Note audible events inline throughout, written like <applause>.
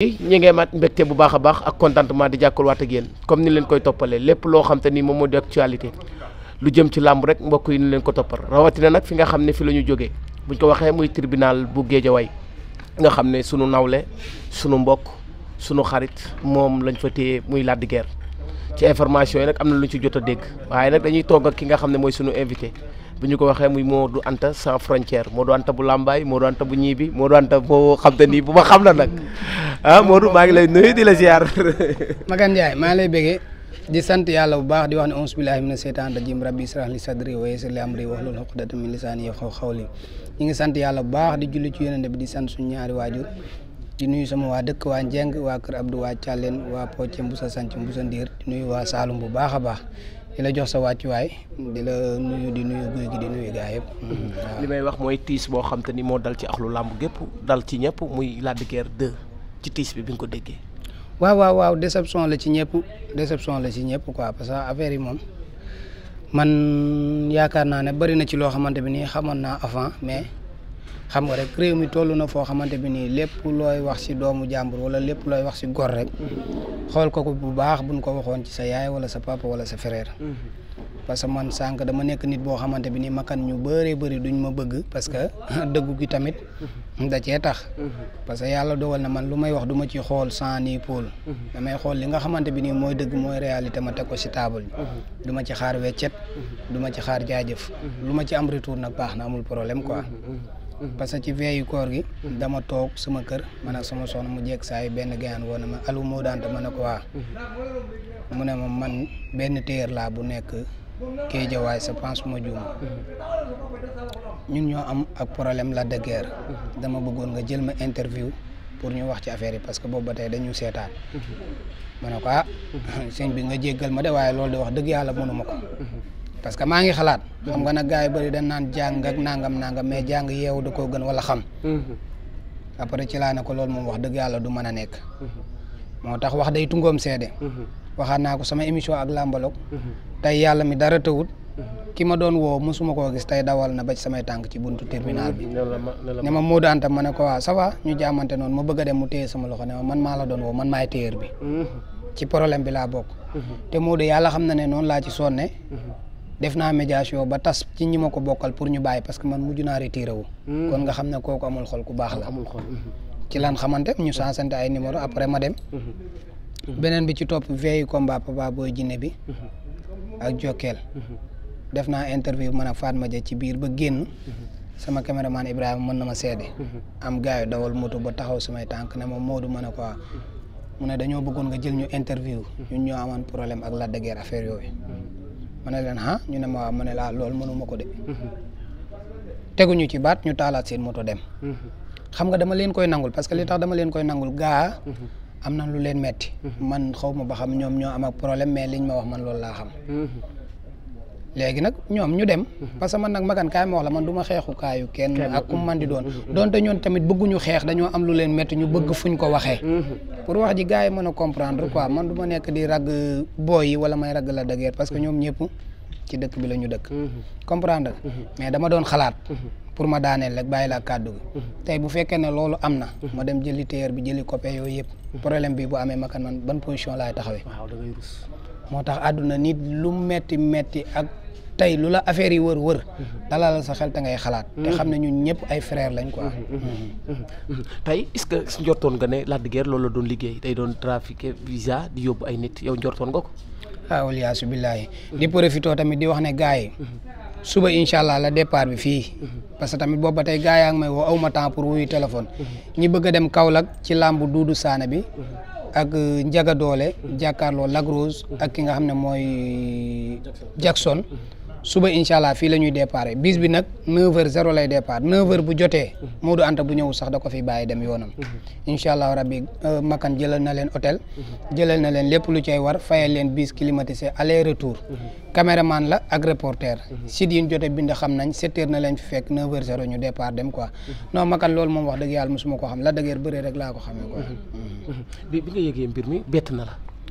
ñi ngay mat mbégte bu baax a baax ak contentement di jàkkul waat ak comme ni leen koy toppalee lépp loo xam te ni moom moo di actualité lu jëm ci làmb rek mbokk yi ni leen ko toppal rawatina nag fi nga xam ne fi la ñu jógee buñ ko waxee muy tribunal bu Géejawaay nga xam ne sunu nawle sunu mbokk sunu xarit moom lañ fa téye muy Lac de ci information yi nag am na lu ñu ci jot a dégg waaye nag dañuy toog ki nga xam ne mooy sunu invité bu ñu ko waxee muy du Anta sans frontière Modou Anta bu Lambaay Modou Anta bu ñiibi Modou Anta boo xam te bu ma xam la nag ah Modou maa ngi lay nuyu di la ziar. <laughs> Maguette Ndiaye maa lay bëggee di sant yàlla bu baax di wax ne auzu billaahi mina seytaani rajiim rabbi israh li sadri wa yassir li amri wahlul uqdatan min xaw xaw qawli ñu ngi sant yàlla bu baax di julli ci yonent bi di sant suñu ñaari waajur di nuyu sama waa dëkk waa Njeng waa Kër Abdou waa Thialène waa Pocé Mbusa Sanc Mbusa Ndiir di nuyu waa Saalum bu baax a baax di la jox sa wàccuwaay di la nuyu di nuyu guy gi di nuyu gaa yëpp. Mm-hmm. Mm-hmm. li may wax mooy tiis boo xam te ni moo dal ci axlu làmb gépp dal ci ñëpp muy Lac de Guiers ci tiis bi bi nga ko déggee. waaw waaw waaw déception la ci ñëpp déception la ci ñëpp ko parce que affaire yi moom man yaakaar naa ne bari na ci loo xamante bi nii xamoon naa avant mais. xam nga rek réew mi toll na foo xamante bi nii lépp looy wax si doomu jàmbur wala lépp looy wax si gor rek xool ko ko bu baax bu buñ ko waxoon ci sa yaay wala sa papa wala sa frère mm-hmm. parce que man sànq dama nekk nit boo xamante bi nii makan ñu bëree bëri duñ ma bëgg parce que <laughs> dëggu gi tamit mm-hmm. da cee tax mm-hmm. parce que yàlla dogal na man lu may wax du ma ci xool sans ni pool damay xool li nga xamante bi nii mooy dëgg mooy réalité ma teg ko si table bi du ma ci xaar weccet du ma ci xaar jaajëf lu ma ci am retour nag baax na amul problème quoi Mhm. parce que ci veeyu koor gi mhm. dama toog sama kër man ak sama soxna mu jekk saa yi benn gayaan woon ma alu moo daante ma ne ko waa mhm. mu ne ma man benn téer laa bu nekk Kéjawaay sa pense ma juum ñun ñoo am ak problème la de dama bëggoon nga jël ma interview pour ñu wax ci affaire yi parce que boobu ba tey dañu seetaan ma ne ko ah sëñ bi nga jéggal ma de waaye loolu de wax dëgg yàlla mënuma ko parce que maa ngi xalaat. xam nga nag gars yi bëri dañ naan jàng ak nangam nangam mais jàng yeewu da koo gën wala xam. Mm-hmm. après ci laa ne lool moom wax dëgg yàlla du mën a nekk. Mm-hmm. moo tax wax day tungoom seede. Mm-hmm. waxaat naa ko sama émission ak làmbaloog. tey yàlla mi dara tawut. ki ma doon woo mosuma koo gis tey dawal na ba ci samay tànk ci buntu terminal bi. ne ma Modou Anta ma ne ko waaw ça ñu jaamante noonu ma bëgg a dem mu téye sama loxo ne ma man maa la doon woo man maay téyeer bi. ci problème bi laa bokk. te Modou yàlla xam na ne noonu laa ci sonne. def naa médiation ba tas ci ñi ma ko bokkal pour ñu bàyyi parce que man mujj naa retiré wu. Hmm. kon nga xam ne kooku amul xol ku baax la. amul xol hmm. ci lan xamante ñu sansante ay numéro après ma dem. Hmm. beneen bi ci topp veille combat Papa Boy Djiné bi. ak Jokkel. def naa interview man ak ma Dia ci biir ba génn. sama caméraman Ibrahima mën na ma seede. am gars yu dawal moto ba taxaw samay tànk ne ma Modou ma ne ko mu ne dañoo bëggoon nga jël ñu interview. ñun ñoo amoon ma ne leen ah ñu ne ma waaw ma ne laa loolu mënuma ko de mhm. teguñu ci baat ñu taalaat seen moto dem mhm. xam nga dama leen koy nangul parce que li tax dama leen koy nangul gaa mhm. am na lu leen metti man xaw ma ba xam ñoom ñoo am ak problème mais liñ ma wax man loolu laa xam léegi nag ñoom ñu dem mhm. parce que man nag magan kaay ma man duma ma xeexu kaayu kenn ak ku man di doon mhm. donte ñoon tamit bëgguñu xeex dañoo am lu leen métti ñu bëgg fu ñu ko waxee mhm. pour wax ji gars yi mën a comprendre quoi man duma nekk di ragg booy yi wala may ragg la dëgër parce que ñoom ñëpp ci dëkk bi la ñu dëkk comprendre mais dama doon xalaat pour ma daaneel rek bàyyi laa kàddu gi tey bu fekkee ne loolu am na ma dem jëli téer bi jëli copé yooyu yëpp problème bi bu amee makan ban position laay taxawee moo tax àdduna nit lu metti metti ak tey lu la affaire yi wër wër dalal sa xel te ngay xalaat te xam ne ñu ñëpp ay frère lañ quoi tey est-ce que njortoon nga ne Lac de loolu la doon liggéey day doon trafiquer visa di yóbbu ay nit yow njortoon nga ko ah waliyaasu billaahi di profité tamit di wax ne gars yi suba incha allah la départ bi fii parce que tamit boobu ba tey gars yaa ngi may woo aw ma temps pour wuyu téléphone ñi bëgg a dem Kaolack ci làmb Duudu Saane bi ak Ndiaga Doole jàkkaarloo Lac Rose ak ki nga xam ne mooy Jackson suba incha allah fii la ñuy départ bis bi nag 9h00 lay départ 9 bu jotee. Moodu Anta bu ñëwul sax da ko fi bàyyi dem yoonam. Mhm. incha allah rabbi euh, Makan jëlal na leen hôtel. Mhm. jëlal na leen lépp lu ci war fayal leen bis climatisé aller retour. Mhm. caméraman la ak reporter. site yi ñu jotee bind xam nañ 7 na leen fi fekk 9h00 ñu départ dem ko non Makan loolu moom wax dëgg yàlla mosuma ko xam la dëggeer bëre rek laa ko xamee quoi. bi mbir mi bett na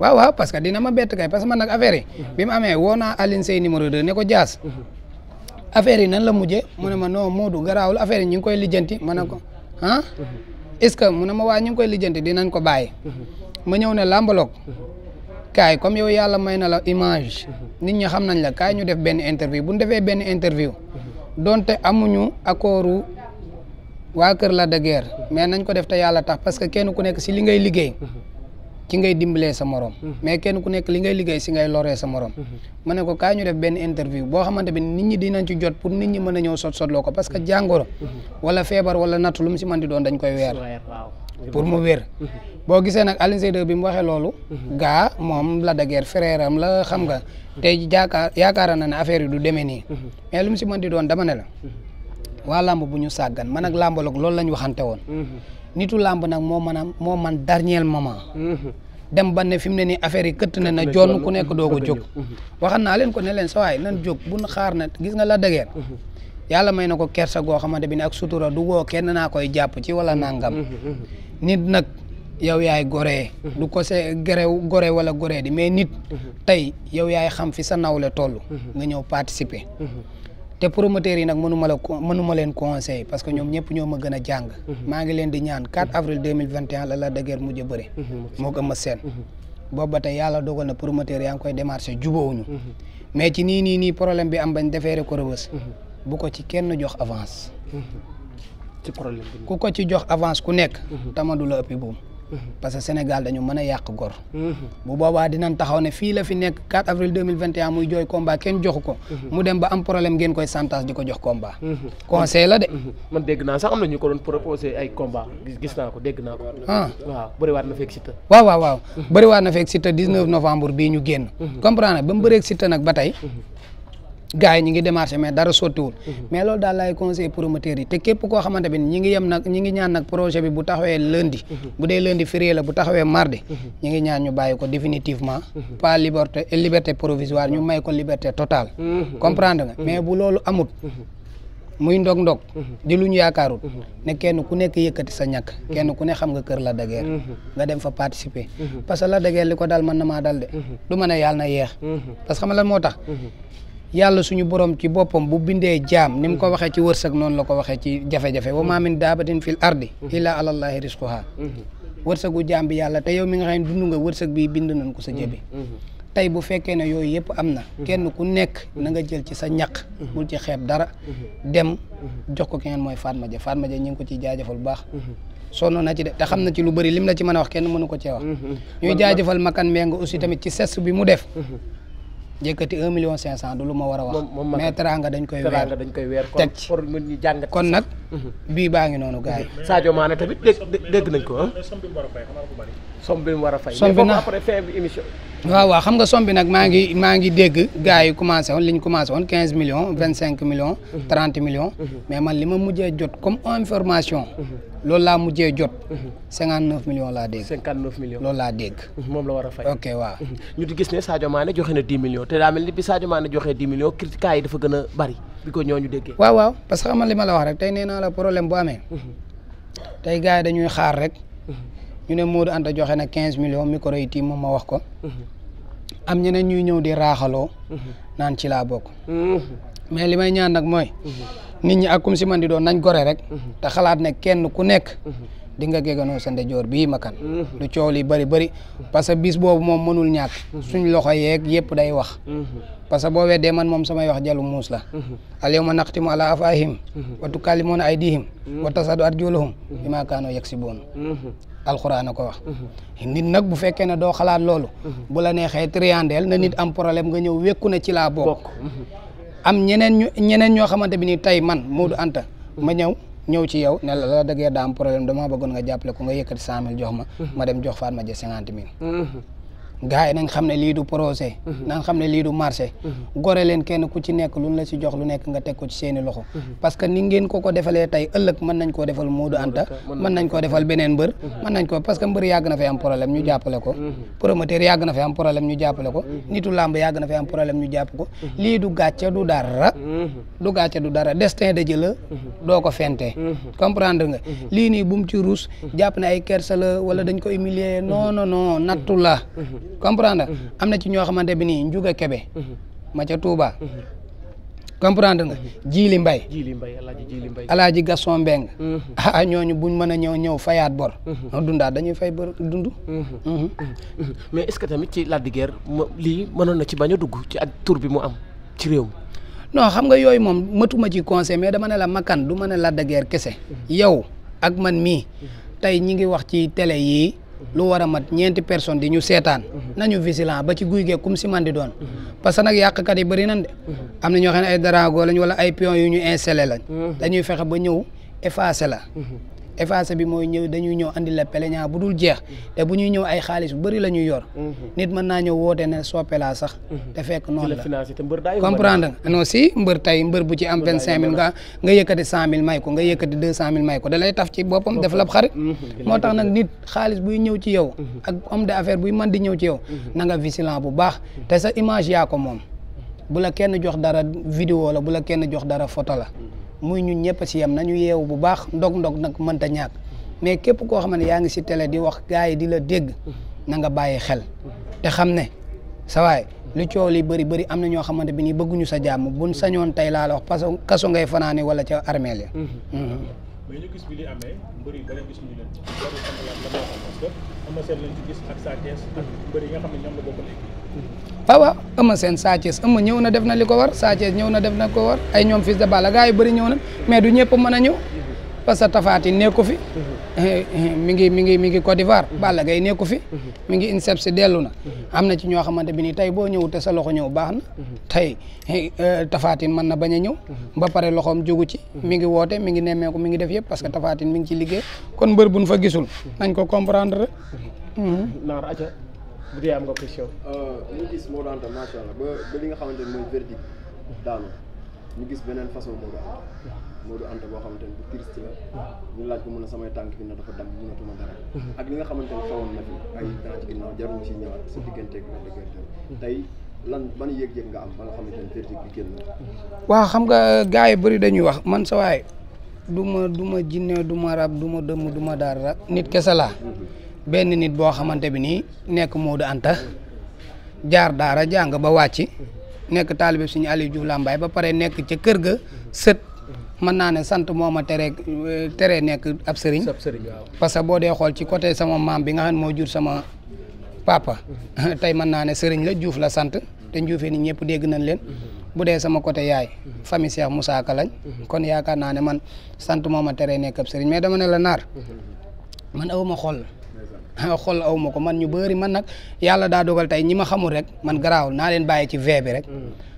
waaw waaw parce que dina ma bett kay parce que man nag affaire yi. Mhm. amee woo naa Alioune Seye numéro 2 ne ko jaas mhm. affaire yi nan la mujjee mhm. mu ne ma noo Modou garaawul affaire yi ñu koy lijjanti ma ne ko ah. est-ce que mu ne ma waa ñu ngi koy lijjanti dinañ ko bàyyi. ma ñëw ne làmbaloog. kaay comme yow yàlla may na la image. nit ñi xam nañ la kaay ñu def benn interview bu ñu defee benn interview. donte amuñu accordu waa Kër la de guerre mais nañ ko def te yàlla tax parce que kenn ku nekk si li ngay liggéey. ci ngay dimbalee sa morom. Mhm. mais kenn ku nekk li ngay liggéey si ngay loree sa morom. Mhm. ma ne ko kaa ñu def benn interview boo xamante bi nit ñi dinañ ci jot pour ni ñi mën a ñëw sot sotloo ko que mhm. jàngoro. wala feebar wala nattu lu mu si mën di doon dañ koy weer. pour mu wér. boo gisee nag Alioune bi mu waxee loolu. gaa moom la dageer frère am la xam nga. tey jaakaar yaakaar na ne affaire yi du demee nii. mais lu mu si mën di doon dama ne la. waa lamb bu ñu sàggan man ak làmb loolu la ñu waxante woon. nitu làmb nag moo mën a moo man dernier moment. Mhm. dem ba ne fi mu ne nii affaire yi këtt na na joon ku nekk doo ko jóg. waxan naa leen ko ne leen sa waay nan jóg bu xaar na gis na la dëgër. Mhm. yàlla may na ko kersa goo xamante bi ne ak sutura du woo kenn naa koy jàpp ci walla mhm. nangam. nit nag yow yaay goree. du ko see gerew gore wala goree di mais nit. tey yow yaay xam fi sa nawle toll. nga ñëw participer. te promoteurs yi nag mënuma la mënuma leen conseil parce que ñoom ñëpp ñoo ma gën a jàng mhm. maa ngi leen di ñaan 4 avril 2021 la Lac de Guiers mujj bëre mhm, moo ko Eumeu Sène boobu ba tey dogal na promoteur yaa ngi koy démarché jubóowuñu mhm. mais ci nii nii nii problème bi am bañ defeere ko rëbës ko ci kenn jox avance ci problème bi ku ko ci jox avance ku nekk tama du la buum parce Sénégal dañu mën a yàq gor. Mhm. bu boobaa dinañ taxaw ne fii la fi nekk 4 avril 2021 muy jooy combat kenn joxu ko. Mhm. mu dem ba am problème ngeen koy santage di ko jox combat. Mhm. conseil la de. man dégg naa sax am na ñu ko doon proposé ay combat gis naa ko dégg naa ko. ah waaw bëriwaat na feeg Siteu. waaw waaw novembre bii ñu génn. comprendre ba mu bëreeg nag ba tey. gars yi ñi ngi démarché mais dara sottiwul mhm. mais loolu daal laay conseil promoteurs yi te képp koo xamante bi ñi ngi yem nag ñi ngi ñaan nag projet bi bu taxawee lundi mhm. bu dee lundi férié bu taxawee mardi mhm. ñi ñaan ñu bàyyi ko définitivement pas liberté liberté provisoire ñu may ko liberté totale comprendre mais bu loolu amut muy ndog ndog di lu ñu yaakaarul ne kenn ku nekk yëkkati sa ñàkk kenn ku ne xam nga kër la dageer nga dem fa participer parce que la dageer li ko dal mën na ma ne yàlla na yeex parce que xam nga tax yàlla suñu borom ci boppam bu bindee jaam ni mu ko waxee ci wërsëg noonu la ko waxee ci jafe-jafe wa maa min daabatin fil ardi illaa alallaahi risquha wërsëgu jaam bi yàlla te yow mi nga xam ne dund nga wërsëg bii bind nañ ko sa jëbi tey bu fekkee ne yooyu yëpp am na kenn ku nekk na nga jël ci sa ñaq bul ci xeeb dara dem jox ko keneen mooy Fatma Dia Fatma Dia ñu ngi ko ciy jaajëfal bu baax sonn na xam na ci lu bëri lim la ci mën a wax kenn mënu ko cee wax mm-hmm. ñuy jaajëfal makan mee nga aussi tamit ci ses bi mu def yëkkati un million cinq cent ma war a wax mais teraanga dañ koy weer teg kon nag Mm-hmm. bii baa ngi noonu gaa yi. Sadio Mané tamit dégg dégg nañ ko ah. mu war a fay somme bi na après waaw waaw xam nga somme bi nag maa ngi maa ngi dégg gars yi commencé woon li ñu commencé woon quinze millions vingt cinq millions. Mm-hmm. trente millions. Mm-hmm. mais man li ma mujjee jot comme information. loolu laa mujjee jot. cinquante neuf millions laa dégg. cinquante loolu laa dégg. la a fay ok waaw. ñu di gis ne Sadio Mané joxe na dix millions te daa mel ni bi Sadio Mané joxe dix millions critiques yi dafa gën a bari. bi ko ñooñu déggee. waaw waaw parce que xam li ma la wax rek tey nee naa la problème bu amee. Mhm. tey gars yi dañuy xaar rek. Mhm. ñu ne Modou Anta joxe na quinze millions micro yi tiim moom ma wax ko. Mhm. am ñeneen ñuy ñëw di raaxaloo. naan ci laa bokk. mais li may ñaan nag mooy. nit ñi ak kum si man di doon nañ gore rek. te xalaat ne kenn ku nekk. di nga géganoo sa ndejoor bii makan lu mm-hmm. coow li bëri bëri parce que bis boobu moom mënul ñàkk mm-hmm. suñ loxo yee yëpp day wax mm-hmm. parce que boo weddee man moom samay wax jalu muus la al yawma naqtimu ala afahim wa tukallimuna aydihim wa tasadu arjuluhum bima kaanu yaksibun alxuraan a ko wax nit nag bu fekkee ne doo xalaat loolu bu la neexee triandel na nit am problème nga ñëw wekku na ci laa bokk am ñeneen ñeneen ñoo xamante bi ni tey man Modou Anta ma ñëw ñëw ci yow ne la la dëggee daa am problème damaa bëggoon nga jàppale ko nga yëkkati cent mille jox ma ma dem jox Fatma Dia cinquante mille mm-hmm. gars yi nañ xam ne lii du projet mhm. nañ xam ne lii du marché mhm. gore kenn ku ci nekk luñ la ci lu nekk nga teg ko ci seeni loxo mhm. parce que ni ngeen ko ko defalee tey ëllëg mën nañ koo defal Modou Anta mën nañ koo defal beneen mbër mën nañ ko parce que mbër yàgg na fi am problème ñu jàppale ko promoteur yàgg na fi am problème ñu jàppale ko nitu làmb yàgg na fi am problème ñu jàpp ko lii du gàcce du dara du gàcce du dara destin de jëla doo ko fente comprendre nga lii nii bu mu ci ruus jàpp ne ay kersa la wala dañ ko humilier non non non nattu la comprendre mhm. am na ci ñoo xamante bi nii Ndiouga Kébé mhm. ma ca Touba mhm. comprendre nga Djili Mbaye alaaji Gaston Mbeng ah, ah ñooñu buñ mën a ñëw ñëw fayaat bor dundaat dañuy fay bor dund mais est-ce que tamit ci Lac de Guiers lii mënoon na ci bañ a dugg ci ak tur bi mu am ci réew mi non xam nga yooyu moom matuma ci conseil mais dama ne la makkan du ma ne Lac de kese yow ak man mii tey ñi wax ci télé yii lu war a mat ñeenti personne di ñu seetaan nañu vigilant ba ci guy gee comme si man di doon parce nag yàqkat yi bëri de am na ñoo xam ne ay drago lañ wala ay pion yu ñu installé lañ mm-hmm. dañuy fexe ba ñëw effacé la mm-hmm. effacé bi mooy ñëw dañuy ñëw andi la plaignant bu dul jeex te bu ñuy ñëw ay xaalis bu bëri la ñuy yor mhm. nit mën naa ñëw woote ne soppe sax mhm. te fekk noonu la comprendre nga non si mbër tey mbër bu ci am vingt cin mille nga nga yëkkati cent mille may ko nga yëkkati deux cent mille may ko da lay taf ci boppam def la xarit mhm. moo tax nag nit xaalis buy ñëw ci yow ak homme affaire buy mën di ñëw ci yow nanga nga bu baax te sa image yaa ko moom bu la kenn jox dara vidéo la bu la kenn jox dara photo la muy ñu ñëpp si yem nañu yeewu bu baax ndog-ndog nag mënta ñàkk mais képp koo xam ne yaa ngi si télé di wax gars yi di la dégg nanga bàyyi xel te xam ne sa lu coow li bëri bëri am na ñoo xamante bi ni bëgguñu sa jàmm buñ sañoon tey laa la wax parce kaso ngay fanaane wala ca armeel yi mm-hmm. mm-hmm. mais ñu gis bi li yi ba leen gis gis ak Sa Thiès ak mbër yi nga xam ah ñëw na def na li ko war Sa ñëw na def na ko war ay ñoom fils de Balla gars yi bëri ñëw na mais du ñëpp mën a ñëw parce que tafaati nekku fi Eh, eh, mi ngi mi ngi mi ngi Côte d'Ivoire mm-hmm. Balla Gaye nekku fi mm-hmm. mi ngi INSEP si dellu na mm-hmm. am na ci ñoo xamante bi ni tey boo ñëw te sa loxo ñëw baax na tey eh, tafaatin man na bañ a ñëw ba pare loxoom jógu ci mi ngi woote mi ngi nemmeeku mi ngi def yëpp parce que tafaatin mi ngi ci liggéey kon mbër buñ fa gisul nañ ko comprendre naar am nga question euh, ñu gis ba li nga xamante ne mooy verdict daanu ñu gis beneen façon moo daanta Modou Anta boo xamante ne bu triste la mm-hmm. ñu laaj ko mun a samay tànk fi na dafa dam mm-hmm. mm-hmm. sa digganteeg Lac de Guiers tey lan ban xam nga euh, gars yi bëri dañuy wax man sa waay du ma du ma jinne du ma rab du ma dëmm du ma dara nit kese laa benn nit boo xamante bi nii nekk moo Modou Anta jaar daara jàng ba wàcc nekk taalibe suñu Aliou Diouf Lambaye ba pare nekk ca kër ga sët man naa ne sant moom ma tere tere nekk ab sëriñ parce que boo dee xool ci côté sama maam bi nga xam moo jur sama papa mhm. <laughs> tey man naa ne sëriñ la Diouf la sant te Dioufee ni ñëpp dégg nañ leen mhm. bu dee sama côté yaay mhm. famille Cheikh Moussa lañ kon yaakaar naa ne man sant moom ma teree nekk ab sëriñ mais dama ne la naar man awma xol <laughs> xol awma ko man ñu bëri man nag yàlla daa dogal tey ñi ma xamul rek man garaawul naa leen bàyyi ci vee bi rek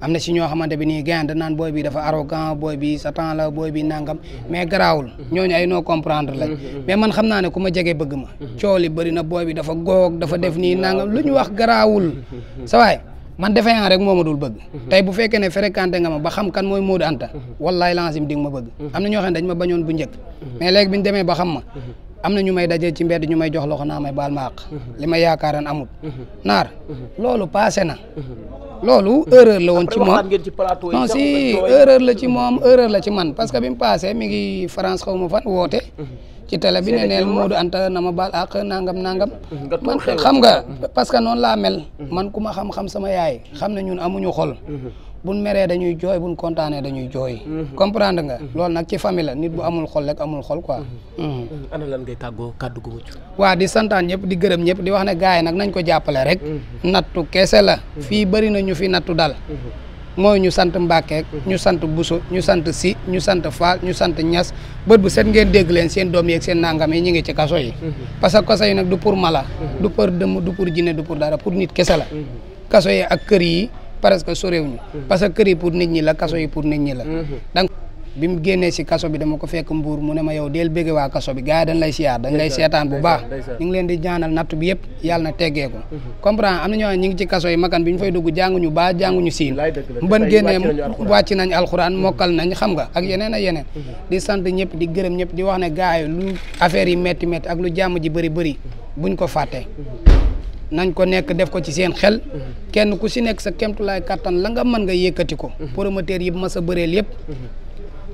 am na si ñoo xamante bi nii gain da naan booy bi dafa arrogant booy bi satan la booy bi nangam mais garaawul mm-hmm. ñooñu ay noo comprendre lañ mm-hmm. mais man xam naa ne ku ma jege bëgg ma mm-hmm. coow li bëri na booy bi dafa goog dafa def nii nangam lu ñu wax garaawul sa waay man defeyaan rek moo ma dul bëgg tey bu fekkee ne fréquenté nga ma ba xam kan mooy Modou Anta wallaay lancim di nga ma bëgg am na ñoo xam dañ ma bañoon bu njëkk mais léegi bi ñu demee ba xam ma am na ñu may daje ci mbedd ñu may jox loxo naa may baal ma àq mhm. li may yaakaaran amul mhm. naar mhm. loolu passé na loolu erreur la woon ci moom non si erreur la ci moom erreur la ci man parce que bi mu mi ngi France xaw ma fan woote ci télé bi ne Moodu Anta na ma baal àq nangam nangam man xam nga parce que noonu laa mel man ku ma xam-xam sama yaay xam ne ñun amuñu xol buñ meree dañuy jooy buñ kontaanee dañuy jooy. Mhm. comprendre nga. Mhm. loolu nag ci famille nit bu amul xol rek amul xol quoi. Mhm. ana lan ngay tàggoo kàddu gu mucc. waa di santaan ñëpp di gërëm ñëpp di wax ne gars yi nag nañ ko jàppale rek. nattu kese la. fii bëri na ñu fi nattu dal. mooy ñu sant Mbàkke ñu sant Buso ñu sant Si ñu sant Faal ñu sant Ñas bët bu set ngeen dégg seen doom yeeg seen nangam yi ñu ngi ci kaso yi. parce que kaso yi nag du pour mala. du pour dëmm du pour jinne du pour dara pour nit kese la. kaso yi ak kër yi. presque sorewuñu mhm. parce que kër yi pour nit ñi la kaso yi pour nit ñi la mhm. donc bi mu génnee si kaso bi dama ko fekk mbuur mu ne ma yow deel bëgge waa kaso bi gars yi dañ lay siyaar dañ lay seetaan bu baax ñu na teggee mhm. na ñoo ñu ngi ci kaso yi makan bi ñu fay dugg jànguñu baa jànguñu siin mban génnee wàcc nañ alxuraan mokkal nañ xam nga ak yeneen ak yeneen di sant ñëpp di gërëm ñëpp di wax ne gars yi lu affaire yi métti métti ak lu jàmm ji bëri bëri buñ ko fàtte nañ ko nekk def ko ci seen xel kenn ku si nekk sa kemtulaay kattan la nga mën nga yëkkati ko promoteur yi mas a bëreel yëpp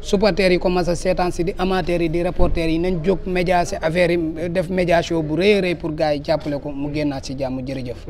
supporters yi ko mas a seetaan si di amateurs yi di reporters yi nañ jóg média si affaire yi def médiation bu rëy a pour gars yi jàppale ko mu génnaat si jàmm jërëjëf